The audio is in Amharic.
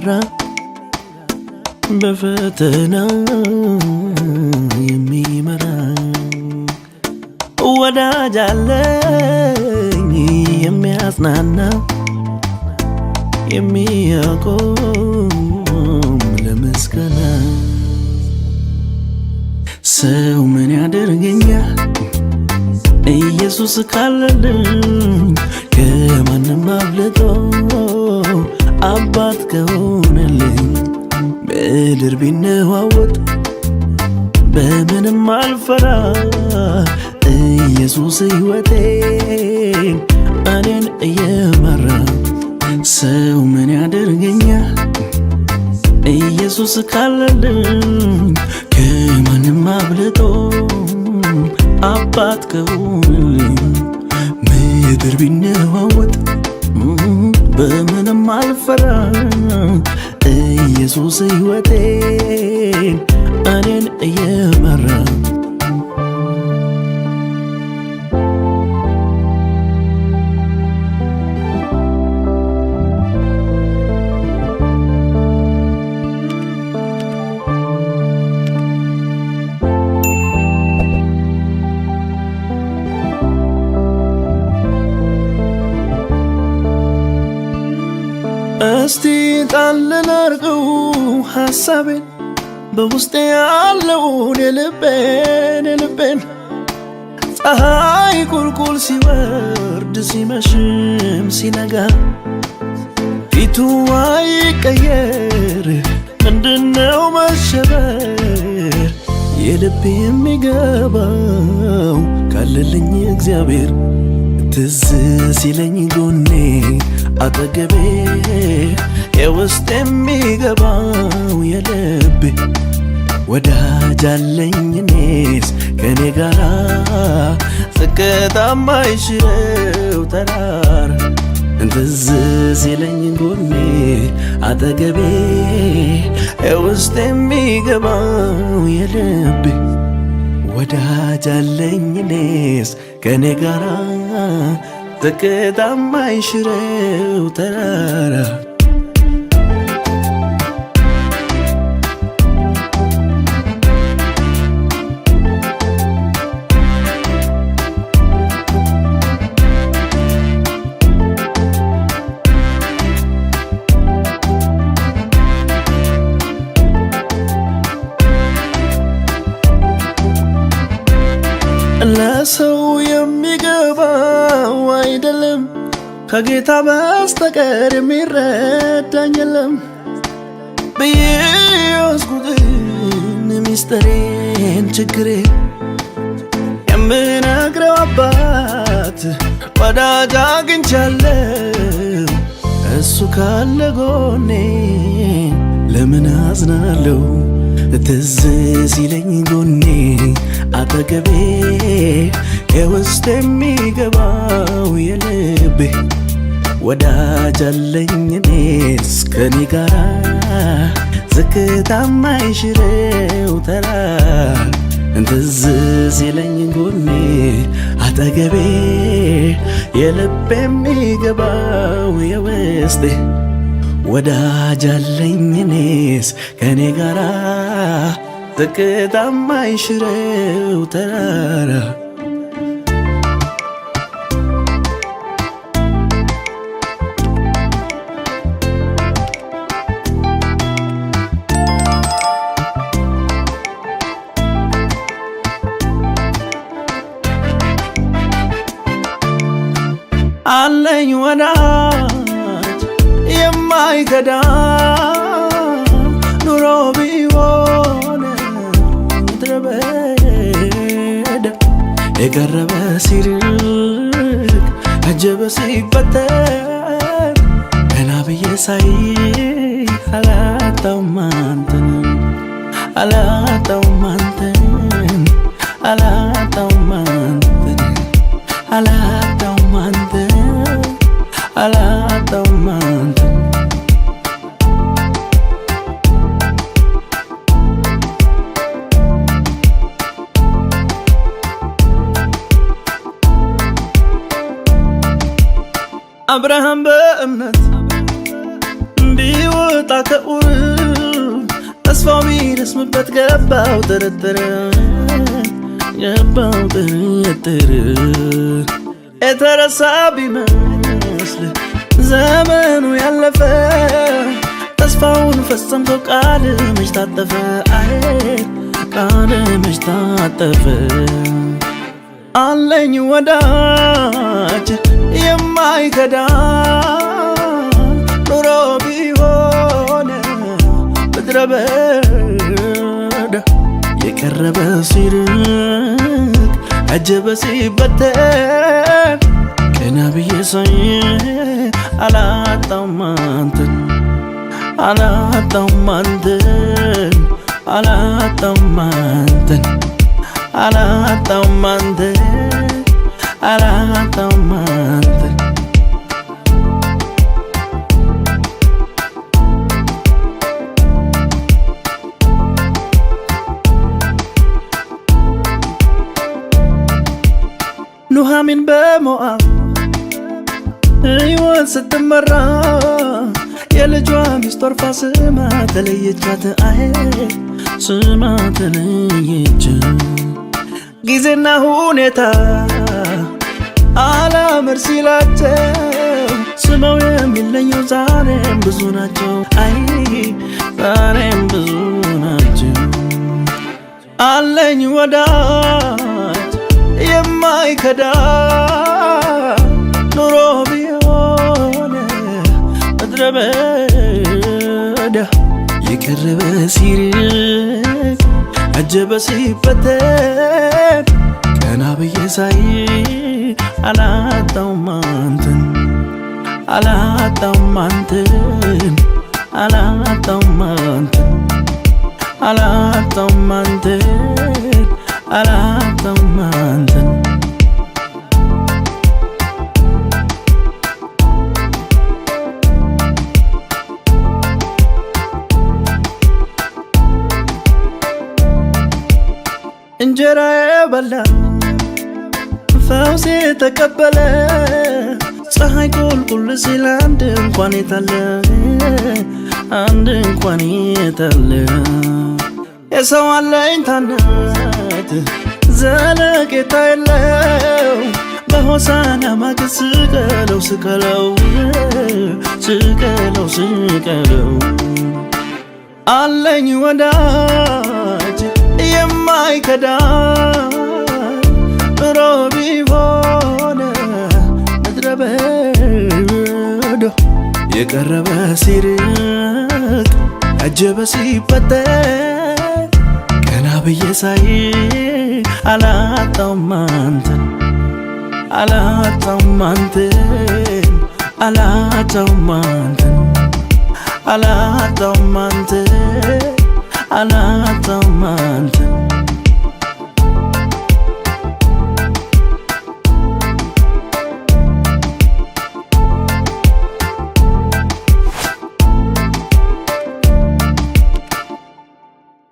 የሚራራ በፈተና የሚመራ ወዳጅ አለኝ የሚያጽናና የሚያቆም ለምስጋና ሰው ምን ያደርገኛል ኢየሱስ ካለልኝ ከማንም አብልጦ አባት ከሆነልኝ ምድር ቢነዋወጥ በምንም አልፈራ ኢየሱስ ሕይወቴ እኔን እየመራ ሰው ምን ያደርገኛል ኢየሱስ ካለልኝ ከማንም አብልጦ አባት ከሆነልኝ ምድር ቢነዋወጥ በምንም አልፈራ ኢየሱስ ሕይወቴን እኔን እየመራ እስቲ ጣልን አርገው ሐሳቤን በውስጤ ያለውን የልቤን የልቤን ፀሐይ ቁልቁል ሲወርድ ሲመሽም ሲነጋ ፊቱ አይቀየር ምንድነው መሸበር የልቤ የሚገባው ካለልኝ እግዚአብሔር ትዝ ሲለኝ ጎኔ አጠገቤ የውስጥ የሚገባው የልቤ ወዳጅ አለኝ እኔስ ከኔ ጋራ ዝቅታ ማይሽረው ተራራ ትዝ ሲለኝ ጎኔ አጠገቤ የውስጥ የሚገባው የልቤ ወዳጅ አለኝ እኔስ ከኔ ጋራ ዝቅታ የማይሽረው ተራራ ሰው የሚገባው አይደለም፣ ከጌታ በስተቀር የሚረዳኝ የለም ብዬ ያስኩትን ሚስጥሬን ችግሬ የምነግረው አባት ወዳጅ አግኝቻለሁ። እሱ ካለ ጎኔ ለምን አዝናለሁ? ትዝ ሲለኝ ጎኔ አጠገቤ የውስጥ የሚገባው የልቤ ወዳጅ አለኝ እኔስ ከኔ ጋራ ዝክታ ማይሽረው ተራራ ትዝ ሲለኝ ጎኔ አጠገቤ የልቤ የሚገባው የውስጤ ወዳጅ አለኝ እኔስ ከኔ ጋራ ጥቅጣማ ይሽረው ተራራ አለኝ ወዳ የማይከዳ ኑሮ ቢሆን ምድረ በዳ የቀረበ ሲርቅ አጀበ ሲፈጠር ገና ብዬ ሳይ አላጣውም አንተን አላጣውም አንተን አላጣውም አንተን አላጣውም አንተን አላጣውም አንተን أبراهام بأمنت بيو تاكا أسفا مين اسم بتقبا وترتر قبا وترتر اترى صابي ما و زمن ويلفا أسفا ونفسم فوق عالم مش تعتفى قال مش تعتفى አለኝ ወዳጅ የማይከዳ ኑሮ ቢሆን ምድረ በዳ የቀረበ ሲርቅ አጀበ ሲበተን ቀና ብዬ ሳይ አላጣም አንተን አላጣም አንተን አላጣም አንተን arahatamande arahatamande نهامن بمؤاب ሕይወት ስትመራ የልጇ ሚስጥር ስማ ተለየቻት አይ ስማ ተለየቻት ጊዜና ሁኔታ አላምር ሲላቸው ስመው የሚለየው ዛሬም ብዙ ናቸው። አይ ዛሬም ብዙ ናቸው። አለኝ ወዳጅ የማይከዳ ኑሮ ቢሆን ምድረ በዳ የቀረበ ሲል አጀበ ሲፈተን ቀና ብዬ ሳይ አላጣውም አንተን አላጣውም አንተን አላጣውም አንተን አላጣውም አንተን አላጣውም አንተን እንጀራ በላ ፈውሴ ተቀበለ ፀሐይ ቁልቁል ሲል አንድ እንኳን የታለ አንድ እንኳን የታለ የሰው አለኝታነት ዘለቄታ የለው በሆሳና ማግስት ስቀለው ስቀለው ስቀለው ስቀለው አለኝ ወዳ የማይከዳ ሮቢ ሆነ ምድረ በዳ የቀረበ ሲርቅ አጀበ ሲፈጠር ቀና ብዬ ሳይ አላጣውም አንተን አላጣውም አንተን አላጣውም አንተን አላጣውም አንተን anatamani